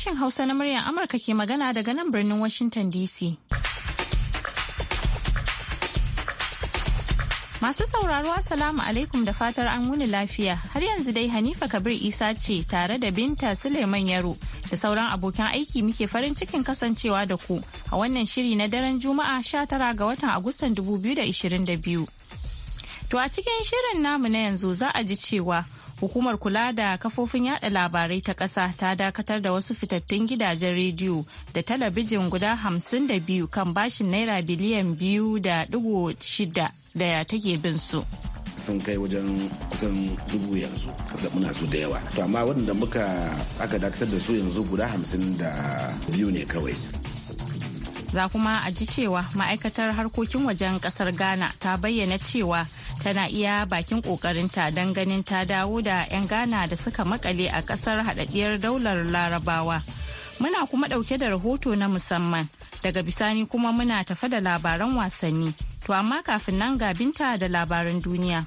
Sashen Hausa na muryar Amurka ke magana daga nan birnin Washington DC. Masu sauraro Assalamu alaikum da fatar an wuni lafiya. Har yanzu dai Hanifa Kabir Isa ce tare da Binta Suleiman Yaro da sauran abokan aiki muke farin cikin kasancewa da ku a wannan shiri na daren Juma'a 19 ga watan Agustan 2022. To a cikin shirin namu na yanzu za a ji cewa hukumar kula da kafofin yada labarai ta ƙasa ta dakatar da wasu fitattun gidajen rediyo da talabijin guda 52 kan bashin naira biliyan 2.6 da take bin su. sun kai wajen kusan dubu yanzu da muna su da yawa to amma waɗanda muka aka dakatar da su yanzu guda hamsin da biyu ne kawai za kuma a ji cewa ma'aikatar harkokin wajen kasar ghana ta bayyana cewa tana iya bakin kokarinta don ganin ta dawo da 'yan ghana da suka makale a kasar hadaddiyar daular larabawa muna kuma dauke da rahoto na musamman daga bisani kuma muna tafa da labaran wasanni to amma kafin nan ga binta da labaran duniya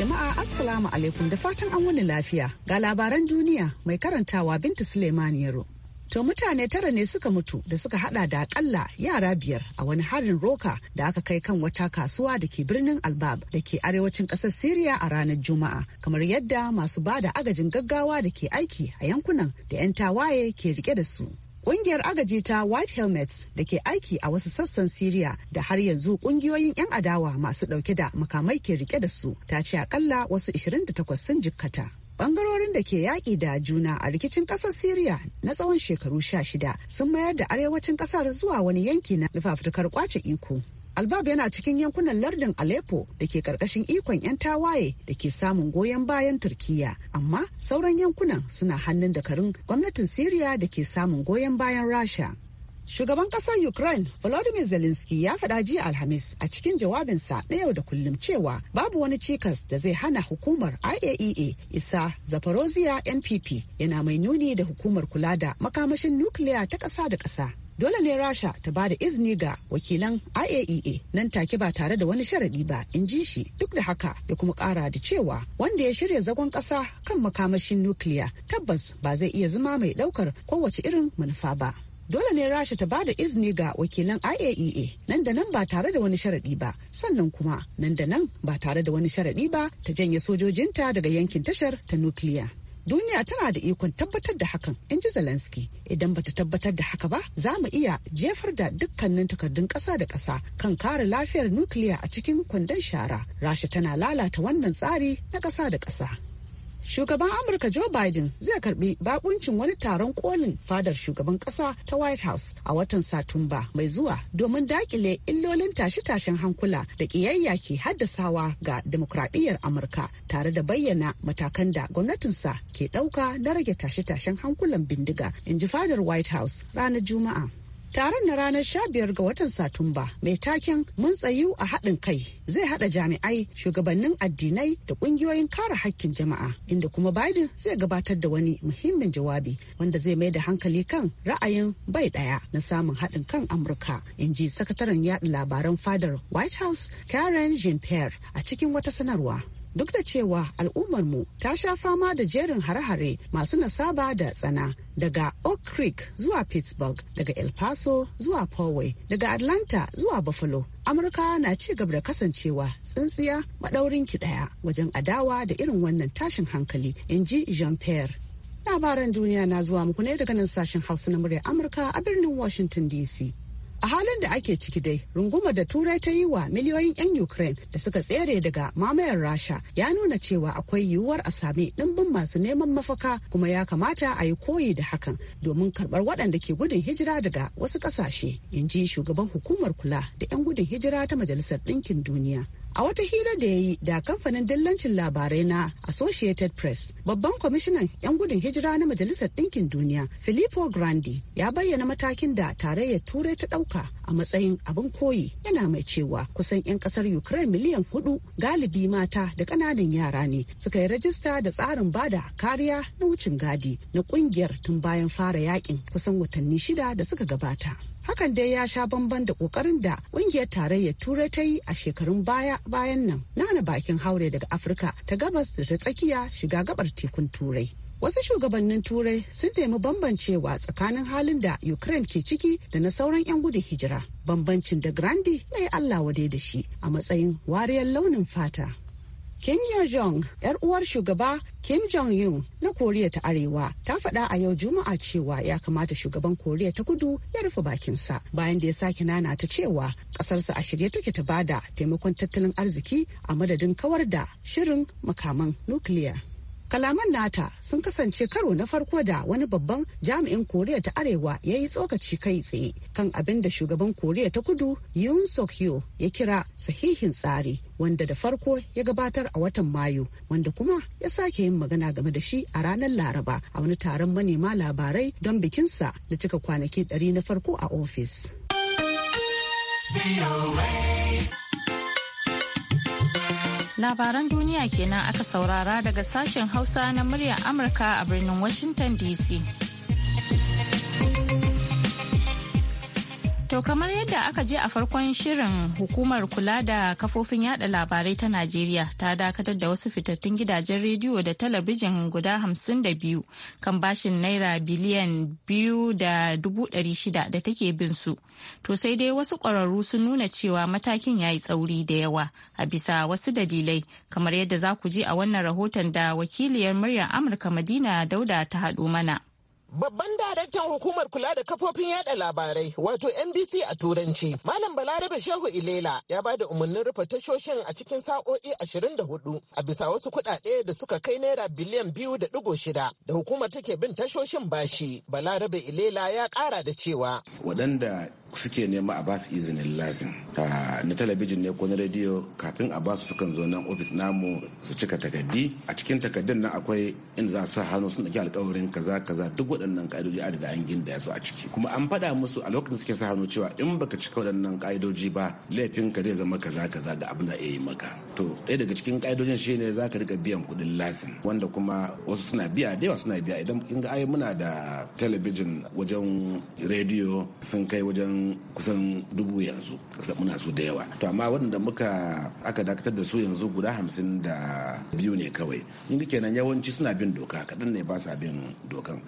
jama'a assalamu alaikum da fatan an wani lafiya ga labaran duniya mai karantawa binta suleiman yaro to mutane tara ne suka mutu da suka hada da akalla yara biyar a wani harin roka da aka kai kan wata kasuwa da ke birnin albab da ke arewacin kasar siriya a ranar juma'a kamar yadda masu ba da agajin gaggawa da ke aiki a yankunan da 'yan tawaye ke rike da su Ƙungiyar agaji ta White Helmets da ke aiki a wasu sassan Siriya da har yanzu ƙungiyoyin 'yan adawa masu ɗauke da makamai ke rike da su ta ce akalla wasu 28 sun jikkata. Bangarorin da ke yaƙi da juna a rikicin ƙasar Siriya na tsawon shekaru sha shida sun mayar da arewacin ƙasar zuwa wani yanki na fafutukar kwace iko. Albab yana cikin yankunan lardin Aleppo da ke karkashin ikon 'yan tawaye da ke samun goyon bayan Turkiyya, amma sauran yankunan suna hannun dakarun gwamnatin Siriya da ke samun goyon bayan Rasha. Shugaban ƙasar Ukraine Volodymyr Zelensky ya faɗa jiya Alhamis a cikin jawabinsa na yau da kullum cewa babu wani cikas da zai hana hukumar IAEA e isa Zaporozhia NPP yana mai nuni da hukumar kula da makamashin nukiliya ta ƙasa da ƙasa. Dole ne Rasha ta ba da izini ga wakilan IAEA e nan take ba tare da wani sharaɗi ba in ji shi duk da haka ya kuma ƙara da cewa wanda ya shirya zagon ƙasa kan makamashin nukiliya tabbas ba zai iya zama mai ɗaukar kowace irin manufa ba. dole ne rasha ta bada izini ga wakilan iaea e nan da nan ba tare da wani sharaɗi ba sannan kuma nan da nan ba tare da wani sharaɗi ba ta janye sojojinta daga yankin tashar ta nukiliya duniya tana da ikon tabbatar da hakan in ji zelensky idan bata tabbatar da haka ba za mu iya jefar da dukkanin takardun kasa da kasa kan kare lafiyar nukiliya a cikin kwandon shara rasha tana lalata wannan tsari na kasa da kasa. shugaban amurka joe biden zai karbi bakuncin wani taron kolin fadar shugaban kasa ta white house a watan satumba mai zuwa domin dakile illolin tashe-tashen hankula da kiyayya ke haddasawa ga demokradiyyar amurka tare da bayyana matakan da gwamnatinsa ke dauka na rage tashe-tashen hankulan bindiga in ji fadar white house ranar juma'a Taron na ranar 15 ga watan Satumba mai taken mun tsayu a haɗin kai zai haɗa jami'ai, shugabannin addinai da ƙungiyoyin kare haƙƙin jama'a inda kuma Biden zai gabatar da wani muhimmin jawabi wanda zai mai da hankali kan ra'ayin bai ɗaya na samun haɗin kan Amurka, in ji sakataren yaɗa labaran fadar White House Karen Jean-Pierre a cikin wata sanarwa. duk da cewa al'ummar mu ta sha fama da jerin hare-hare masu nasaba da tsana daga oak creek zuwa pittsburgh daga el paso zuwa poway daga atlanta zuwa buffalo amurka na ci gaba da kasancewa tsintsiya maɗaurin ki ɗaya wajen adawa da irin wannan tashin hankali in ji jean pierre labaran duniya na zuwa muku ne daga nan sashen hausa na murya amurka a birnin washington dc a halin da ake ciki dai runguma da turai ta yi wa miliyoyin 'yan ukraine da suka tsere daga mamayar rasha ya nuna cewa akwai yiwuwar a sami ɗimbin masu neman mafaka kuma ya kamata a yi koyi da hakan domin karɓar waɗanda ke gudun hijira daga wasu ƙasashe in ji shugaban hukumar kula da 'yan gudun hijira ta majalisar ɗinkin duniya A wata hira da ya yi da kamfanin dillancin labarai na Associated Press, babban kwamishinan 'yan gudun hijira na Majalisar Ɗinkin Duniya, Filippo Grandi, ya bayyana matakin da tarayyar Turai ta ɗauka a matsayin abin koyi yana mai cewa kusan 'yan ƙasar Ukraine miliyan hudu galibi mata da ƙananan yara ne suka yi rajista da tsarin bada kariya na wucin gadi na ƙungiyar tun bayan fara yakin kusan watanni shida da suka gabata. hakan dai ya sha bamban da kokarin da kungiyar tarayyar turai ta yi a shekarun baya bayan nan na nana bakin haure daga afirka ta gabas da ta tsakiya shiga gabar tekun turai wasu shugabannin turai sun taimi bambancewa tsakanin halin da ukraine ke ciki da na sauran 'yan gudun hijira bambancin da grandi mai allah wade da shi a matsayin wariyar launin fata Kim Yo Jong, 'yar uwar shugaba Kim Jong-un na Koriya ta Arewa ta faɗa a yau Juma'a cewa ya kamata shugaban Koriya ta Kudu ya rufe bakinsa bayan da ya sake nana ta cewa ƙasarsa a shirye take ta bada taimakon tattalin arziki a madadin kawar da shirin makaman nukiliya. kalaman nata sun kasance karo na farko da wani babban jami'in koriya ta arewa ya yi tsokaci kai tsaye kan abin da shugaban koriya ta kudu yun suk ya kira sahihin tsari wanda da farko ya gabatar a watan mayu wanda kuma ya sake yin magana game da shi a ranar laraba a wani taron manema labarai don bikinsa da cika kwanaki 100 na farko a ofis. Labaran duniya kenan aka saurara daga sashen Hausa na muryar Amurka a birnin Washington DC. To kamar yadda aka je a farkon shirin hukumar kula da kafofin yada labarai ta Najeriya ta dakatar da wasu fitattun gidajen rediyo da talabijin guda hamsin da biyu kan bashin naira biliyan biyu da dubu shida da take bin su. To sai dai wasu ƙwararru sun nuna cewa matakin ya yi tsauri da yawa a bisa wasu dalilai kamar yadda za ku ji a wannan rahoton da wakiliyar muryar Amurka Madina Dauda ta haɗo mana. Babban daraktan hukumar kula da kafofin yada labarai wato NBC a turanci. Malam Balarabe Shehu Ilela ya ba da umarnin rufe tashoshin a cikin sa'o'i 24 a bisa wasu kuɗaɗe da suka kai naira biliyan biyu da ɗigo shida da hukumar take bin tashoshin bashi. Balarabe Ilela ya ƙara da cewa. Waɗanda suke nema a basu izinin ta na talabijin ne ko na rediyo kafin a basu sukan zo nan ofis namu su cika takardi a cikin takardun nan akwai in za su hannu sun ɗauki alkawarin kaza kaza duk waɗannan ƙa'idoji a daga an ginda su a ciki kuma an faɗa musu a lokacin suke sa hannu cewa in baka cika waɗannan ƙa'idoji ba laifin ka zai zama kaza kaza ga abin da yi maka to ɗaya daga cikin ƙa'idojin shine za ka rika biyan kuɗin lasin wanda kuma wasu suna biya da yawa suna biya idan in ga ai muna da talabijin wajen rediyo sun kai wajen kusan dubu yanzu muna su da yawa to amma waɗanda muka aka dakatar da su yanzu guda hamsin da biyu ne kawai in kenan yawanci suna bin doka kaɗan ne ba sa bin dokan.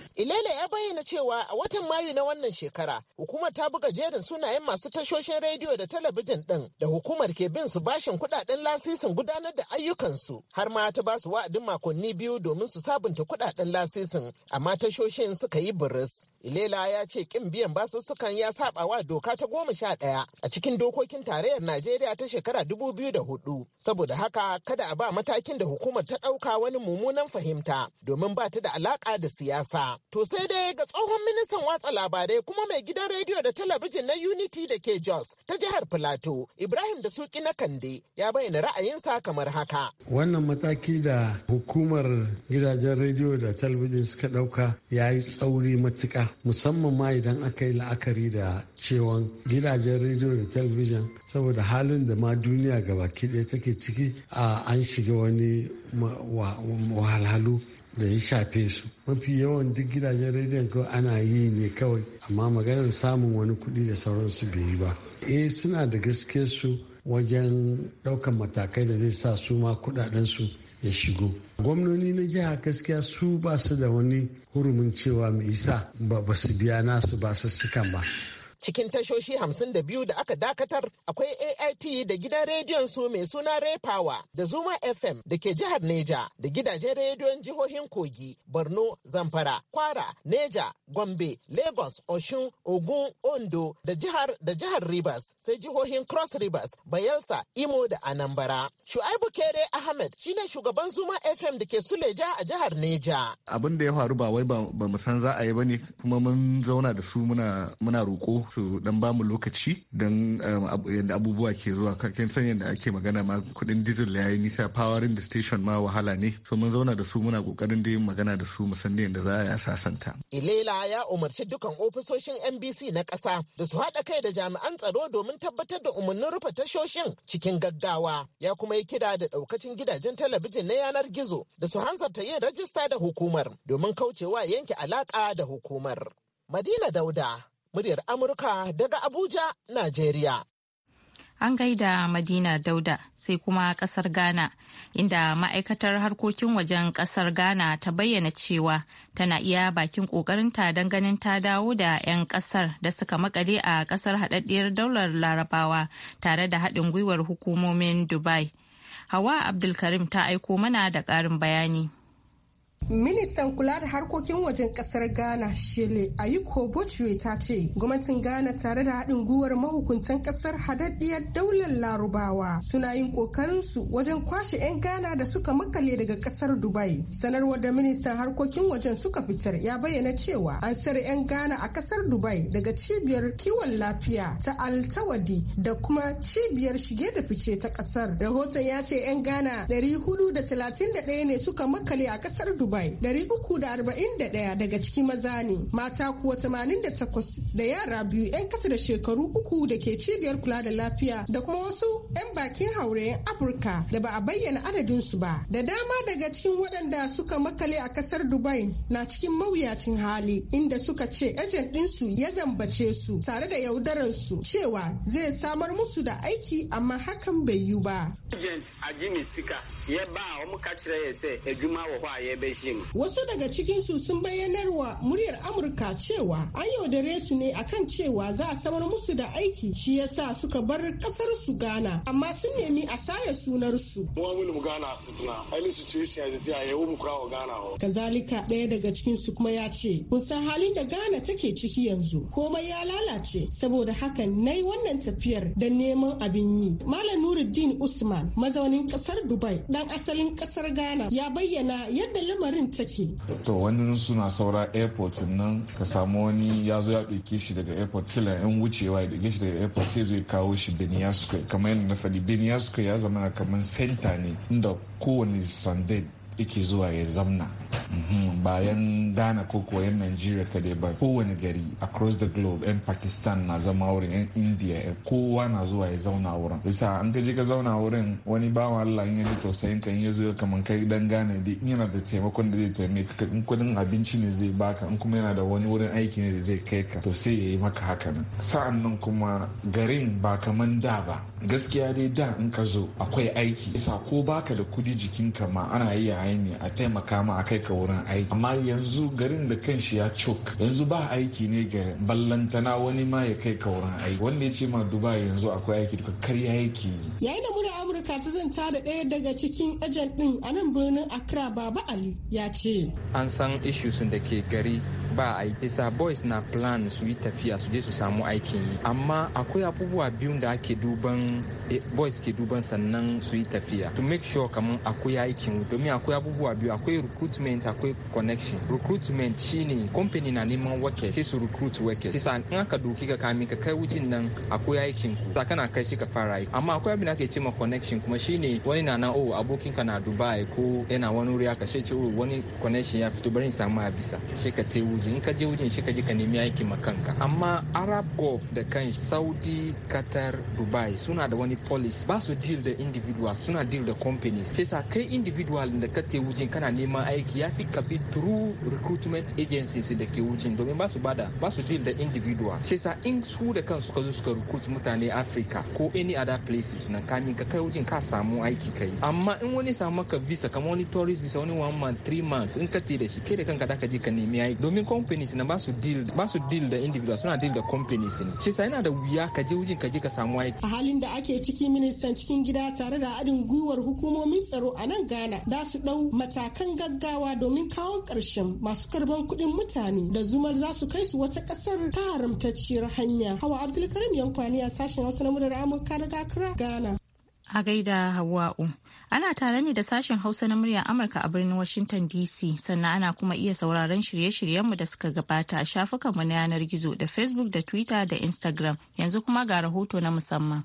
dole ya bayyana cewa a watan Mayu na wannan shekara hukumar ta buga jerin sunayen masu tashoshin rediyo da talabijin ɗin da hukumar ke bin su bashin kuɗaɗen lasisin gudanar da ayyukansu har ma ta ba su wa'adin makonni biyu domin su sabunta kuɗaɗen lasisin amma tashoshin suka yi buris. Ilela ya ce kin biyan basussukan ya saba wa doka ta goma sha ɗaya a cikin dokokin tarayyar Najeriya ta shekara dubu biyu da hudu. Saboda haka kada a ba matakin da hukumar ta ɗauka wani mummunan fahimta domin ba ta da alaƙa da siyasa. To sai dai ga tsohon ministan watsa labarai kuma mai gidan rediyo da talabijin na Unity da ke Jos ta jihar Filato Ibrahim da Suki na Kande ya bayyana ra'ayinsa kamar haka. Wannan mataki da hukumar gidajen rediyo da talabijin suka ɗauka ya yi tsauri matuƙa. musamman ma idan aka yi la'akari da cewan gidajen rediyo da talabijin saboda halin da ma duniya ga baki ɗaya take ciki a an shiga wani wahalhalu da ya shafe su mafi yawan duk gidajen rediyon kawai ana yi ne kawai amma maganar samun wani kuɗi da sauransu bai yi ba eh suna da gaske su wajen ɗaukan matakai da zai sa su ma kuɗaɗensu ya shigo gwamnoni na jiha gaskiya su ba su da wani hurumin cewa mai isa ba su biya nasu ba su sukan ba Cikin tashoshi hamsin da biyu da aka dakatar akwai AIT da gidan rediyon su mai suna Repawa da Zuma FM da ke jihar Neja da gidajen rediyon jihohin Kogi, Borno, Zamfara, Kwara, Neja, Gombe, Lagos, Oshun, Ogun, Ondo da jihar da jihar Rivers sai jihohin Cross Rivers, Bayelsa, Imo da Anambra. Shu'aibu Kere Ahmed shine shugaban Zuma FM da ke Suleja a jihar Neja. Abin da ya faru ba wai ba mu san za a yi bane kuma mun zauna da su muna muna roko ku dan bamu lokaci don um, yadda abubuwa ke zuwa kin san yadda ake magana ma kudin diesel ya yi nisa powering the station ma wahala ne so mun zauna da su muna kokarin da yin magana da su ne yadda za a santa Ilela ya umarci dukan ofisoshin NBC na ƙasa da su haɗa kai da jami'an tsaro domin tabbatar da umarnin rufe tashoshin cikin gaggawa ya kuma yi kira da ɗaukacin gidajen talabijin na yanar gizo da su hanzarta yin rajista da hukumar domin kaucewa yanke alaƙa da hukumar. Madina Dauda, muryar Amurka daga Abuja, Najeriya. An gaida Madina Dauda sai kuma kasar Ghana, inda ma'aikatar harkokin wajen kasar Ghana ta bayyana cewa tana iya bakin ƙoƙarinta don ganin ta dawo da 'yan kasar da suka makale a kasar haɗaɗɗiyar daular larabawa tare da haɗin gwiwar hukumomin Dubai. Hawa Abdulkarim ta aiko mana da ƙarin bayani. Ministan kula da harkokin wajen kasar Ghana Shele Ayiko Bochwe ta ce gwamnatin Ghana tare da haɗin gwiwar mahukuntan kasar hadaddiyar daular Larubawa suna yin kokarin su wajen kwashe 'yan Ghana da suka makale daga kasar Dubai. Sanarwar da ministan harkokin wajen suka fitar ya bayyana cewa an sare 'yan Ghana a kasar Dubai daga cibiyar kiwon lafiya ta Altawadi da kuma cibiyar shige da fice ta kasar. Rahoton ya ce 'yan Ghana 431 ne suka makale a kasar Dubai. Dubai 341 daga ciki maza ne mata kuwa 88 da yara biyu 'yan kasa da shekaru uku da ke cibiyar kula da lafiya da kuma wasu 'yan bakin haurayen Afirka da ba a bayyana adadinsu ba. Da dama daga cikin waɗanda suka makale a kasar Dubai na cikin mawuyacin hali inda suka ce ejen ɗinsu ya zambace su tare da yaudararsu cewa zai samar musu da aiki amma hakan bai yi ba. Agent Ajimi Sika ba a wɔn ka ya sai sɛ adwuma wɔ hɔ a wasu daga cikin su sun bayyanar wa muryar amurka cewa an yaudare su ne akan cewa za a samar musu da aiki shi yasa suka bar kasar su gana amma sun nemi a saya sunar su. ghana su tuna a kura wa kazalika ɗaya daga cikin su kuma ya ce kun san halin da ghana take ciki yanzu komai ya lalace saboda haka na yi wannan tafiyar da neman abin yi. malam nuruddin usman mazaunin kasar dubai dan asalin kasar ghana ya bayyana yadda lamarin take to wani suna saura airport nan ka samu wani ya zo ya ɗauke shi daga airport kila yan wucewa ya ɗauke shi daga airport sai zai kawo shi beniya square kamar yadda na faɗi beniya square ya zama kamar center ne inda kowane stranded yake zuwa ya zamna Mhm. bayan ghana ko kuwa yan nigeria kadai ba kowane gari across the globe yan pakistan na zama wurin yan india eh, kowa na zuwa ya zauna wurin bisa an ka je ka zauna wurin wani bawa allah in ya ji tausayin ka in ya zo ya kai dan Gane dai in yana da taimakon da zai taimaka in kudin abinci ne zai baka in kuma yana da wani wurin aiki ne da zai kai ka to sai ya yi maka haka nan sa'an nan kuma garin ba kaman da ba gaskiya dai da in ka zo akwai aiki isa ko baka da kudi jikinka ma ana iya ne a taimaka ma a kai ka wurin aiki amma yanzu garin da kanshi ya cok yanzu ba aiki ne ga ballantana wani ma ya kai ka wurin aiki wanda ya ce ma dubai yanzu akwai aiki duka karya ya aiki yayin da mura amurka ta zanta da ɗaya daga cikin ajan din a nan birnin accra baba ali ya ce an san issues da ke gari ba aiki sa boys na plan su yi tafiya su je su samu aikin yi amma akwai abubuwa biyu da ake duban eh, boys ke duban sannan su yi tafiya to make sure kamar akwai aikin domin akwai abubuwa biyu akwai recruitment akwai connection recruitment shine company na neman workers sai su recruit workers sai san in aka doki ka kami ka kai wucin nan akwai aikin ku kana kai shi ka fara aiki amma akwai abin da ake cewa ma connection kuma shine wani na na oh abokin ka na Dubai ko yana wani wuri aka ce ce oh, wani connection ya fito bari in samu a bisa sai ka te wuji yanzu in ka je wajen shi ka ji ka nemi aiki ma kanka amma arab gulf da kan saudi qatar dubai suna da wani policy ba su deal da individuals suna deal da companies sa kai individual da ka te wujin kana neman aiki ya fi ka bi through recruitment agencies da ke wujin domin ba su bada ba su deal da individual sa in su da kan suka zo suka recruit mutane africa ko any other places na kamin ka kai wujin ka samu aiki kai amma in wani samu ka visa kamar wani tourist visa wani one month three months in ka te da shi kai da kanka da ka je ka nemi aiki domin ko companies na ba su deal ba deal da individuals suna deal da companies ne shi yana da wuya ka je wujin ka je ka samu aiki a halin da ake ciki ministan cikin gida tare da adin gwiwar hukumomin tsaro a nan Ghana da su dau matakan gaggawa domin kawo karshen masu karban kudin mutane da zumar za su kai su wata kasar ta haramtacciyar hanya hawa abdulkarim yankwani a sashen hausa na murar amurka daga accra ghana a gaida hawa'u Ana tare ne da sashen Hausa na muryar Amurka a birnin Washington DC sannan ana kuma iya sauraron shirye-shiryenmu da suka gabata a shafukanmu na yanar gizo da Facebook da Twitter da Instagram yanzu kuma ga rahoto na musamman.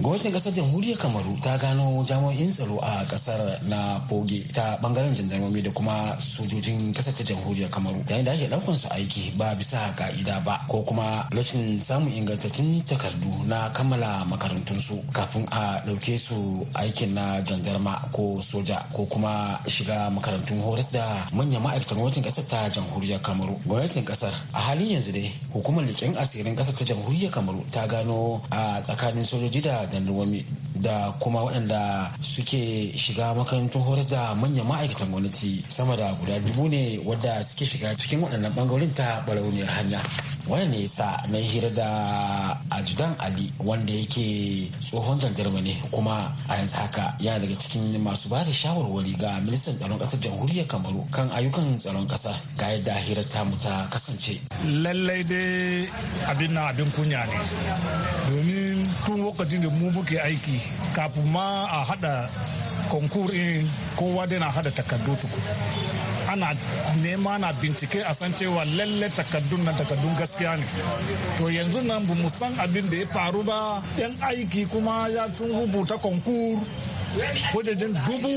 gwamnatin kasar jamhuriyar kamaru ta gano jami'in tsaro a kasar na boge ta bangaren jandarmomi da kuma sojojin kasar ta jamhuriyar kamaru yayin da ake daukan su aiki ba bisa ka'ida ba ko kuma rashin samun ingantattun takardu na kammala makarantunsu kafin a dauke su aikin na jandarma ko soja ko kuma shiga makarantun horas da manyan ma'aikatan gwamnatin kasar ta jamhuriyar kamaru gwamnatin kasar a halin yanzu dai hukumar leƙen asirin kasar ta jamhuriyar kamaru ta gano a tsakanin sojoji da kudaden ruwami da kuma waɗanda suke shiga makarantun horas da manyan ma'aikatan gwamnati sama da guda dubu ne wadda suke shiga cikin waɗannan ɓangarorin ta barauniyar hanya wani ne yasa na hira da ajudan ali wanda yake tsohon gangarma ne kuma a yanzu haka ya daga cikin masu ba da shawarwari ga ministan tsaron ƙasar jamhuriyar kamaru kan ayyukan tsaron kasa ga yadda hirar mu ta kasance lallai dai abin na abin kunya ne domin tun lokacin da mu muke aiki kafin ma a hada konkur in eh, kowa dai na hada takardu tuku ana nema na bincike a san cewa lalle takardun na takardun gaskiya ne to yanzu nan bu mu san abin da ya faru ba yan aiki kuma ya tun rubuta konkur wajajen dubu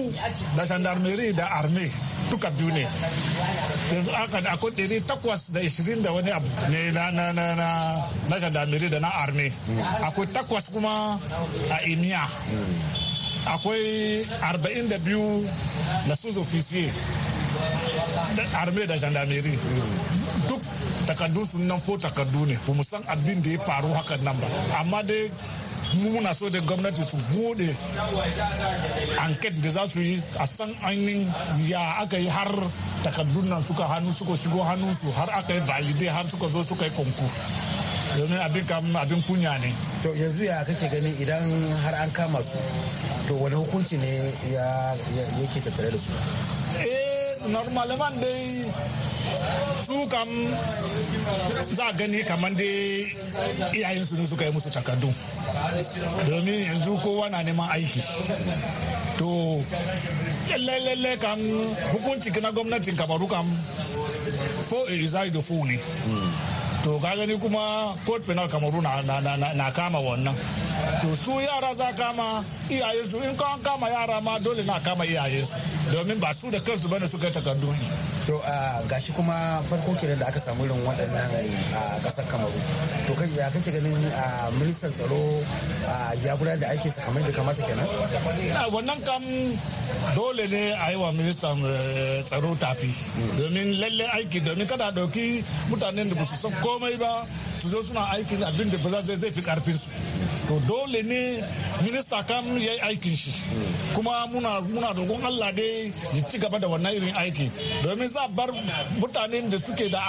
da gendarmerie da arme duka biyu ne yanzu aka da akwai ɗari takwas da ishirin da wani abu ne na na na na na gendarmerie da na arme akwai takwas kuma a imiya akwai 42 na sous officier arme da gendarmerie duk takardu sun nan fo takardu ne ba mu san abin da ya faru hakan nan ba amma dai muna so da gwamnati su bude anket da za su yi a san ainihin ya aka yi har takardun nan suka hannu suka shigo hannunsu har aka yi valide har suka zo suka yi konkur domin abin abin kunya ne to yanzu ya kake gani idan har an kama su to wani hukunci ne ya yake tattare da su eh, normalman dai su kam za gani kamar dai iyayen su suka yi musu takardu domin yanzu kowa na neman aiki to lalle kan hukunci na gwamnatin kamaru kam fo a result da ne hmm. to ka gani kuma court penal kamaru na kama wannan to su yara za kama iyayensu in ka kama yara ma dole na kama iyayensu domin ba su da kansu bane suka takardu ne to gashi kuma farko kenan da aka samu irin waɗannan a ƙasar kamaru to kai ya kace ganin ministan tsaro a gudanar da ake sakamai da kamata kenan wannan kam dole ne a yi wa ministan eh, tsaro tafi domin lalle aiki domin kada ɗauki mutanen da ba su san komai ba su zo suna aikin abin da ba zai fi karfin su to dole ne minista kan ya yi aikin shi kuma muna muna dogon allah dai ya ci gaba da wannan irin aiki domin za bar mutanen da suke da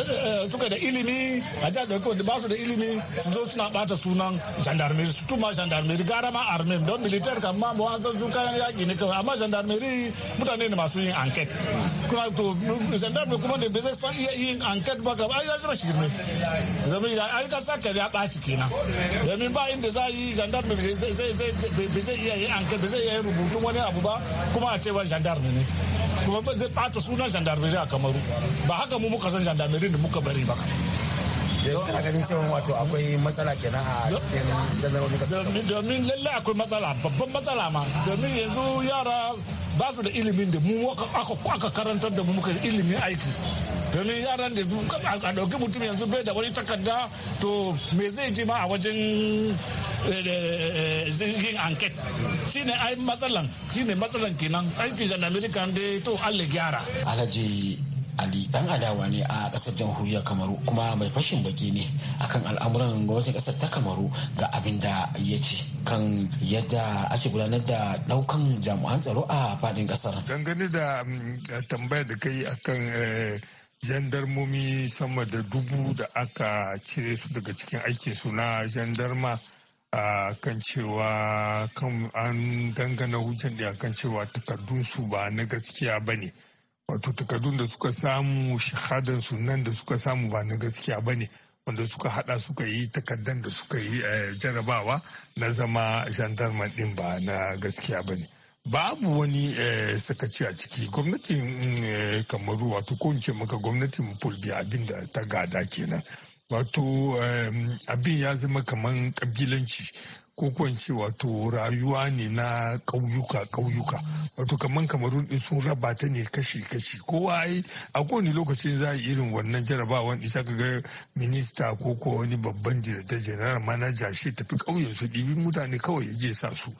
eh, suke da ilimi a jihar da da ba su da ilimi su zo suna bata sunan gendarmerie su tuma gendarmerie gara ma arme don militar kan ma mu san su kayan yaki ne kawai amma gendarmerie mutane ne masu yin enquête kuma to gendarmerie kuma ne bai san iya yin anket ba ka ba ya shi shirme zama ya ka sa ka ya ɓaci kenan domin ba da za yi gendarme bai zai iya yi an anka bai zai iya yi rubutun wani abu ba kuma a ce ba gendarme ne kuma ba zai bata sunan gendarmerie a kamaru ba haka mu muka san gendarmerie da muka bari ba yanzu kana ganin cewa wato akwai matsala kenan a cikin jazarorin kasar domin lalle akwai matsala babban matsala ma domin yanzu yara ba su da ilimin da mu aka karantar da mu muka ilimin aiki domin yaran da a ɗauki mutum yanzu bai da wani takarda to me zai ji ma a wajen eh, eh, eh, zirgin anket shi ne ai matsalan shi ne matsalan kenan aiki da amerika da to allah gyara alhaji ali dan adawa ne a kasar jamhuriyar kamaru kuma mai fashin baki ne akan al'amuran gwamnatin kasar ta kamaru ga abin da ya ce kan yadda ake gudanar da ɗaukan jami'an tsaro a fadin kasar dangane da mm, tambayar da kai akan jandarmomi sama da dubu da aka cire su daga cikin aikinsu na jandarma a kan cewa kan an dangana hujjar da kan cewa takardunsu ba na gaskiya ba ne wato takardun da suka samu shahadansu nan da suka samu ba na gaskiya ba ne wanda suka hada suka yi takardan da suka yi eh, jarabawa na zama jandarma din ba na gaskiya ba ne babu wani eh, sakaci a ciki gwamnatin eh, kamaru wato ko ce maka gwamnatin fulbi abin da ta gada kenan wato abin ya zama kaman kabilanci ko kwanci wato rayuwa ne na kauyuka kauyuka wato kaman kamarun din sun raba ta ne kashi-kashi kowa ai a kowane lokacin za a irin wannan jarabawan isa kaga ga minista ko ko wani babban jirata manaja shi tafi ƙauyen su ɗibi mutane kawai ya je sa su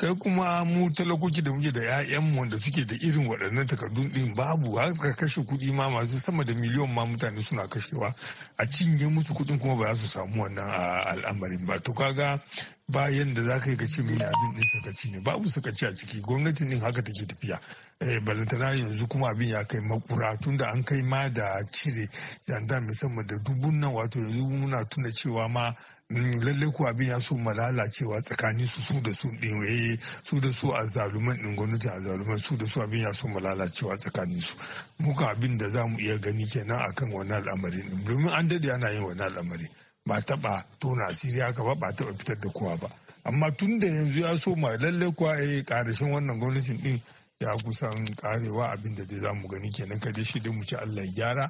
kai kuma mu talakoki da muke da 'ya'yan mu wanda suke da irin waɗannan takardun ɗin babu har kashe kuɗi ma masu sama da miliyon ma mutane suna kashewa a cinye musu kuɗin kuma ba za su samu wannan al'amarin ba to kaga bayan da za ka yi ka ce mini abin ɗin sakaci ne babu sakaci a ciki gwamnatin ɗin haka take tafiya eh, balantana yanzu kuma abin ya kai makura tunda an kai ma da cire yanda musamman da dubun nan wato yanzu muna tuna cewa ma Mm, lallai ko abin ya so malalacewa tsakanin su su da su din eh, su da su a zaluman din gwamnati a zaluman su da su abin ya so malalacewa tsakanin su muka abin da zamu iya gani kenan akan wani al'amari domin an dade ana yin wani al'amari ba taba tona asiri haka ba ba taba fitar da kowa ba amma tun da yanzu ya so ma lallai kuwa yi eh, karashin wannan gwamnatin din ya kusan karewa abin da dai za mu gani kenan ka shi dai mu ci Allah ya gyara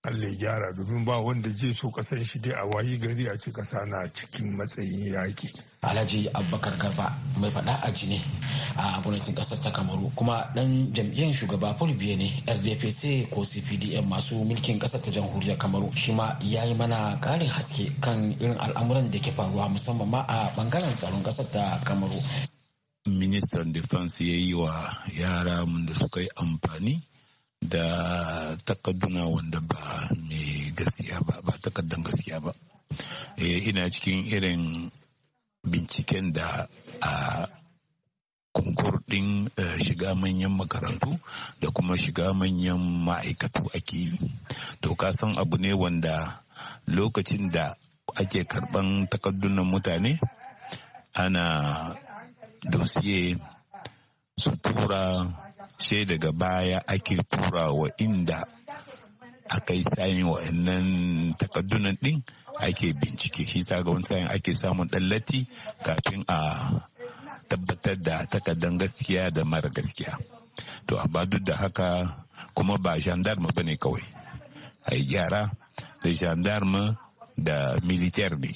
Allah ya gyara domin ba wanda zai so kasan shi dai a wayi gari a ci kasa na cikin matsayin yaƙi. Alhaji Abubakar Garba mai faɗa a jini a gwamnatin ƙasar ta Kamaru kuma ɗan jam'iyyar shugaba Paul Biya ne RDPC ko CPDM masu mulkin ƙasar ta jamhuriyar Kamaru shi ma ya yi mana ƙarin haske kan irin al'amuran da ke faruwa musamman ma a ɓangaren tsaron ƙasar ta Kamaru. Ministan Defense ya yi wa yara mun da suka yi amfani da takadduna wanda ba mai gaskiya ba ba takaddan gaskiya ba eh, ina cikin irin binciken da a kunkur ɗin eh, shiga manyan makarantu da kuma shiga manyan ma'aikatu ake yi to ka san abu ne wanda lokacin da ake karɓan takaddunan mutane ana dosiye su tura sai daga baya ake tura wa inda aka yi sayin wa'annan takaddunan din ake bincike shi sa ga wani ake samun ɗallati kafin a tabbatar da takardan gaskiya da mara gaskiya to amma duk da haka kuma ba gendarme ba ne kawai a yi gyara da gendarme da militar ne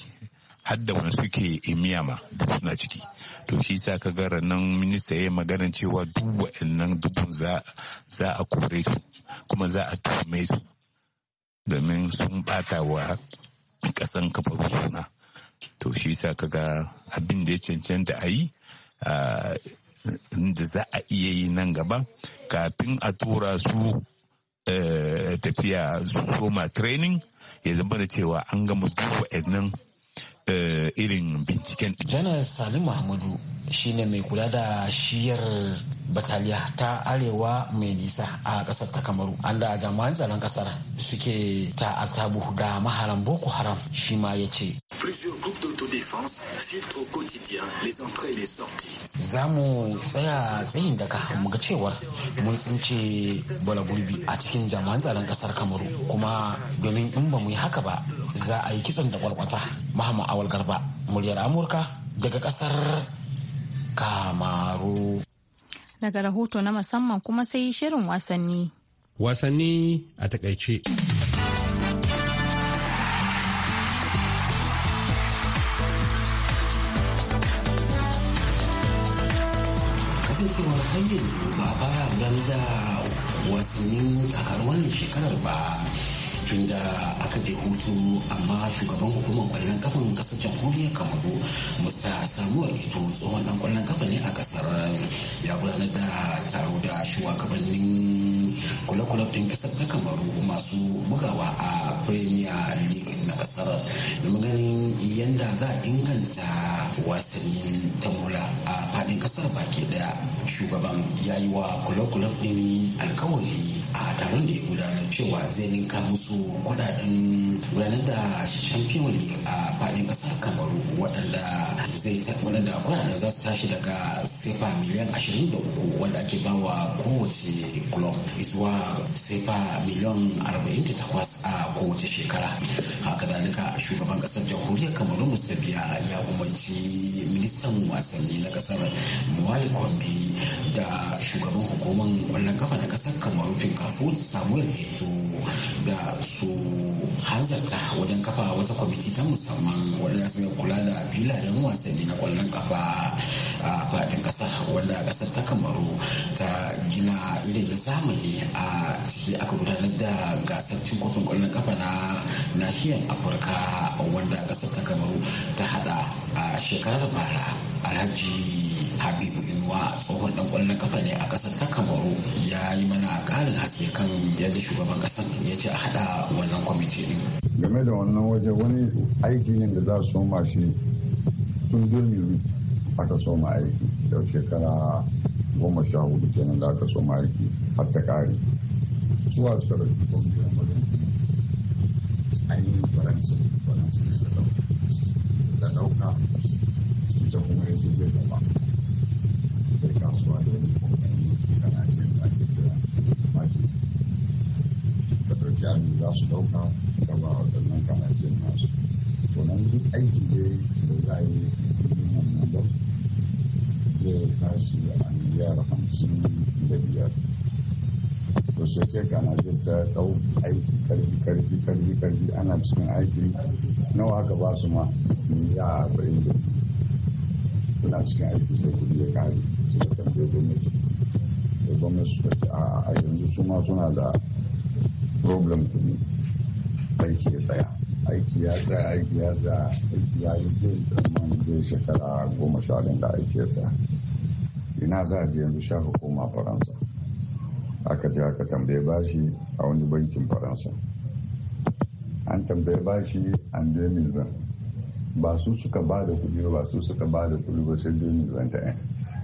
har da wani suke imiyama da suna ciki to shi sa ka gara nan minista ya yi maganin cewa duk wa'annan dubun za a kore su kuma za a tume su domin sun bata wa kasan kafar suna to shi sa ka ga abin da ya cancanta a yi da za a iya yi nan gaba kafin a tura su eh, tafiya soma training ya zama da cewa an gama duk wa'annan Eh, irin binciken. janar salim mahmudu shine mai kula da shiyar bataliya ta arewa mai nisa a kasar ta kamaru an da jama'an tsaron kasar suke ta artabu da maharan boko haram shi ma ya ce za mu tsaya tsayin daga muga cewar mun tsince bala gurbi a cikin jama'an tsaron kasar kamaru kuma domin in ba mu yi haka ba za a yi kitsan da kwalkwata mahama awal garba muryar amurka daga kasar kamaru daga rahoto na musamman kuma sai shirin wasanni. Wasanni a takaice. kasancewar hanyar ba baya gudanar da wasannin a wannan shekarar ba tun da aka je hutu amma shugaban hukumar kwallon kafan kasar jamhuriyar kamaru musta samuwar ito tsohon dan kwallon kafa ne a kasar ya gudanar da taro da shugabannin kula-kula din kasar ta kamaru masu bugawa a premier league na kasar domin ganin yadda za a inganta wasannin tamula a fadin kasar baki da shugaban ya yi wa kula-kula din alkawari a taron da ya gudanar cewa zai ninka musu kudaden gudanar da champion league a fadin kasar kamaru waɗanda zai waɗanda kudaden za su tashi daga sefa miliyan 23 wanda ake bawa kowace club zuwa sefa miliyan 48 a kowace shekara haka dalika shugaban kasar jamhuriyar kamaru mustabiya ya umarci ministan wasanni na kasar muwali kwambi da shugaban hukumar kwallon kafa na kasar kamaru kafu samuel eto da su hanzarta wajen kafa wata kwamiti ta musamman wadanda suka kula da filayen wasanni na kwallon kafa a fadin kasar wanda kasar ta kamaru ta gina irin na zamani a ciki aka gudanar da gasar cin kofin kwallon kafa na nahiyar afirka wanda kasar ta kamaru ta hada a shekarar bara alhaji habibu inuwa tsohon dan kwallon kafa ne a kasar ta kamaru ya yi mana karin haske kan yadda shugaban kasar ya ce a hada wannan kwamiti din game da wannan waje wani aiki ne da za su soma shi tun 2008 aka soma aiki da shekara goma sha hudu kenan da aka soma aiki har ta kare zuwa suka kwamitin ainihin faransa faransa da sake ka na je ta dau aiki karfi karfi karfi karfi ana cikin aiki nawa aka ba su ma ya arba'in da suna cikin aiki sai kudi ya kare su da tambaye gwamnati da gwamnati su ce a a yanzu su ma suna da problem kudi aiki ya tsaya aiki ya tsaya aiki ya tsaya aiki ya yi zai zaman zai shekara goma sha da aiki ya tsaya ina za a je yanzu sha hukuma faransa aka je aka tambaye bashi a wani bankin faransa an tambaye bashi an biya miliyan ba su suka ba da kudi ba su suka ba da kudi ba sai biya miliyan ta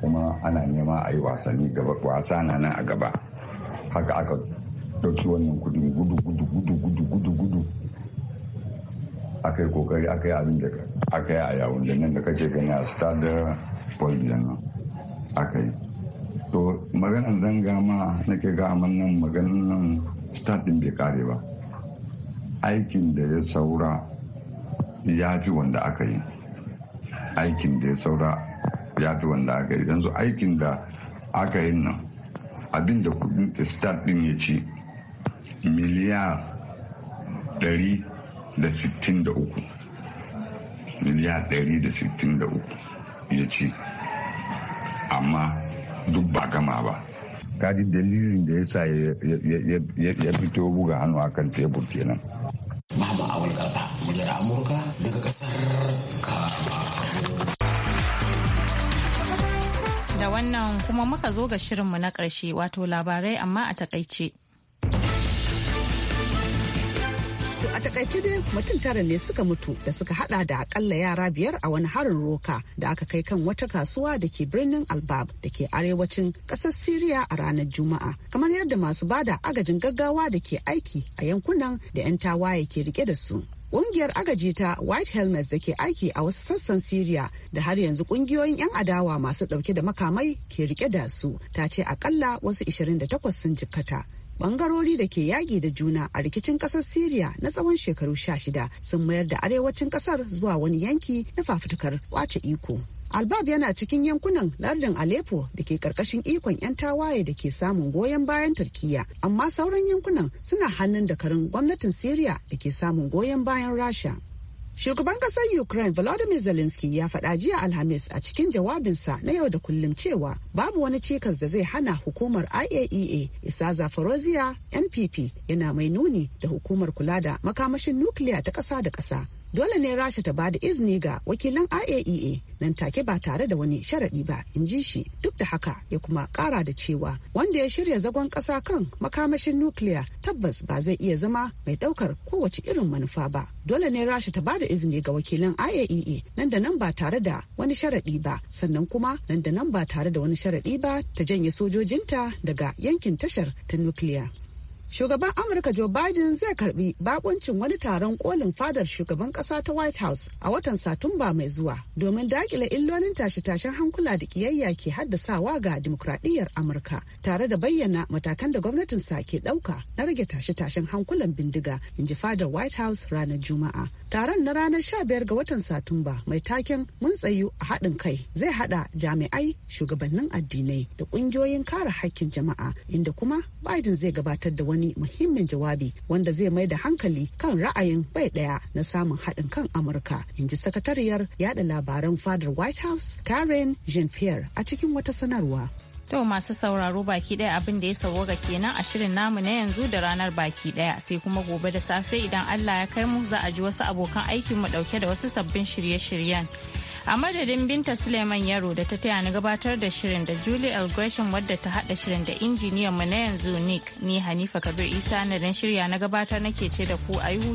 kuma ana nema a yi wasanni gaba wasa na nan a gaba haka aka ɗauki wannan kudin gudu gudu gudu gudu gudu gudu aka yi kokari aka yi abin da aka yi a yawon da nan da kake gani a stade paul aka yi maganar zanga ma nake gama nan maganin nan start bai kare ba aikin da ya saura ya fi wanda aka yi aikin da ya saura ya fi wanda aka yi yanzu aikin da aka yi nan abin da kudin start din ya ci miliyar 163 miliyar 163 ya ci amma duk ba gama ba kaji dalilin da ya sa ya fito buga hannu kan tebur kenan mama awal muryar amurka daga kasar da wannan kuma muka zo ga shirinmu na ƙarshe wato labarai amma a takaice A takaice dai mutum tara ne suka mutu da suka hada da akalla yara biyar a wani harin roka da aka kai kan wata kasuwa da ke birnin Albab da ke arewacin kasar Siriya a ranar Juma'a. Kamar yadda masu bada agajin gaggawa da ke aiki a yankunan da 'yan tawaye ke rike da su. Ƙungiyar agaji ta White Helmets da ke aiki a wasu sassan Siriya da har yanzu ƙungiyoyin 'yan adawa masu ɗauke da makamai ke rike da su ta ce akalla wasu 28 sun jikkata. bangarori da ke yaƙi da juna a rikicin ƙasar syria na tsawon shekaru sha shida sun mayar da arewacin ƙasar zuwa wani yanki na fafutukar kwace iko albab yana cikin yankunan lardin aleppo da ke karkashin ikon 'yan tawaye da ke samun goyon bayan Turkiyya, amma sauran yankunan suna hannun da karin gwamnatin syria da ke samun goyon bayan rasha Shugaban ƙasar Ukraine Volodymyr Zelensky ya faɗa jiya Alhamis a cikin jawabinsa na yau da kullum cewa babu wani cikas da zai hana hukumar IAEA e isa Zafarozia NPP yana mai nuni da hukumar kula da makamashin nukiliya ta ƙasa da ƙasa dole ne rasha ta bada izini ga wakilan iaea e nan take ba tare da wani sharaɗi ba in ji shi duk da haka ya kuma kara da cewa wanda ya shirya zagon kasa kan makamashin nukiliya tabbas ba zai iya zama mai daukar kowace irin manufa ba dole ne rasha ta bada izini ga wakilan iaea e nan da nan ba tare da wani sharaɗi ba sannan kuma nan da nan ba tare da wani sharaɗi ba ta janye sojojinta daga yankin tashar ta nukiliya shugaban amurka joe biden zai karbi bakuncin wani taron kolin fadar shugaban kasa ta white house a watan satumba mai zuwa domin dakile illolin tashe-tashen hankula da kiyayya ke haddasawa ga dimokuraɗiyyar amurka tare da bayyana matakan da gwamnatin sa ke ɗauka na rage tashe-tashen hankulan bindiga in ji fadar white house ranar juma'a taron na ranar 15 ga watan satumba mai taken mun tsayu a haɗin kai zai haɗa jami'ai shugabannin addinai da ƙungiyoyin kare haƙƙin jama'a inda kuma biden zai gabatar da wani wani muhimmin jawabi wanda zai mai da hankali kan ra'ayin bai daya na samun haɗin kan amurka in ji sakatariyar yada labaran fadar white house karen jean pierre a cikin wata sanarwa To masu sauraro baki daya abin da ya sauwaga kenan a shirin namu na yanzu da ranar baki daya sai kuma gobe da safe idan Allah ya kai mu za a ji wasu abokan aikin mu dauke da wasu sabbin shirye-shiryen. a madadin binta suleiman yaro da ta taya ni gabatar da shirin da julie elgresham wadda ta hada shirin da injiniyan mu na yanzu nick ni hanifa kabir isa na dan shirya na gabatar nake ce da ku ayi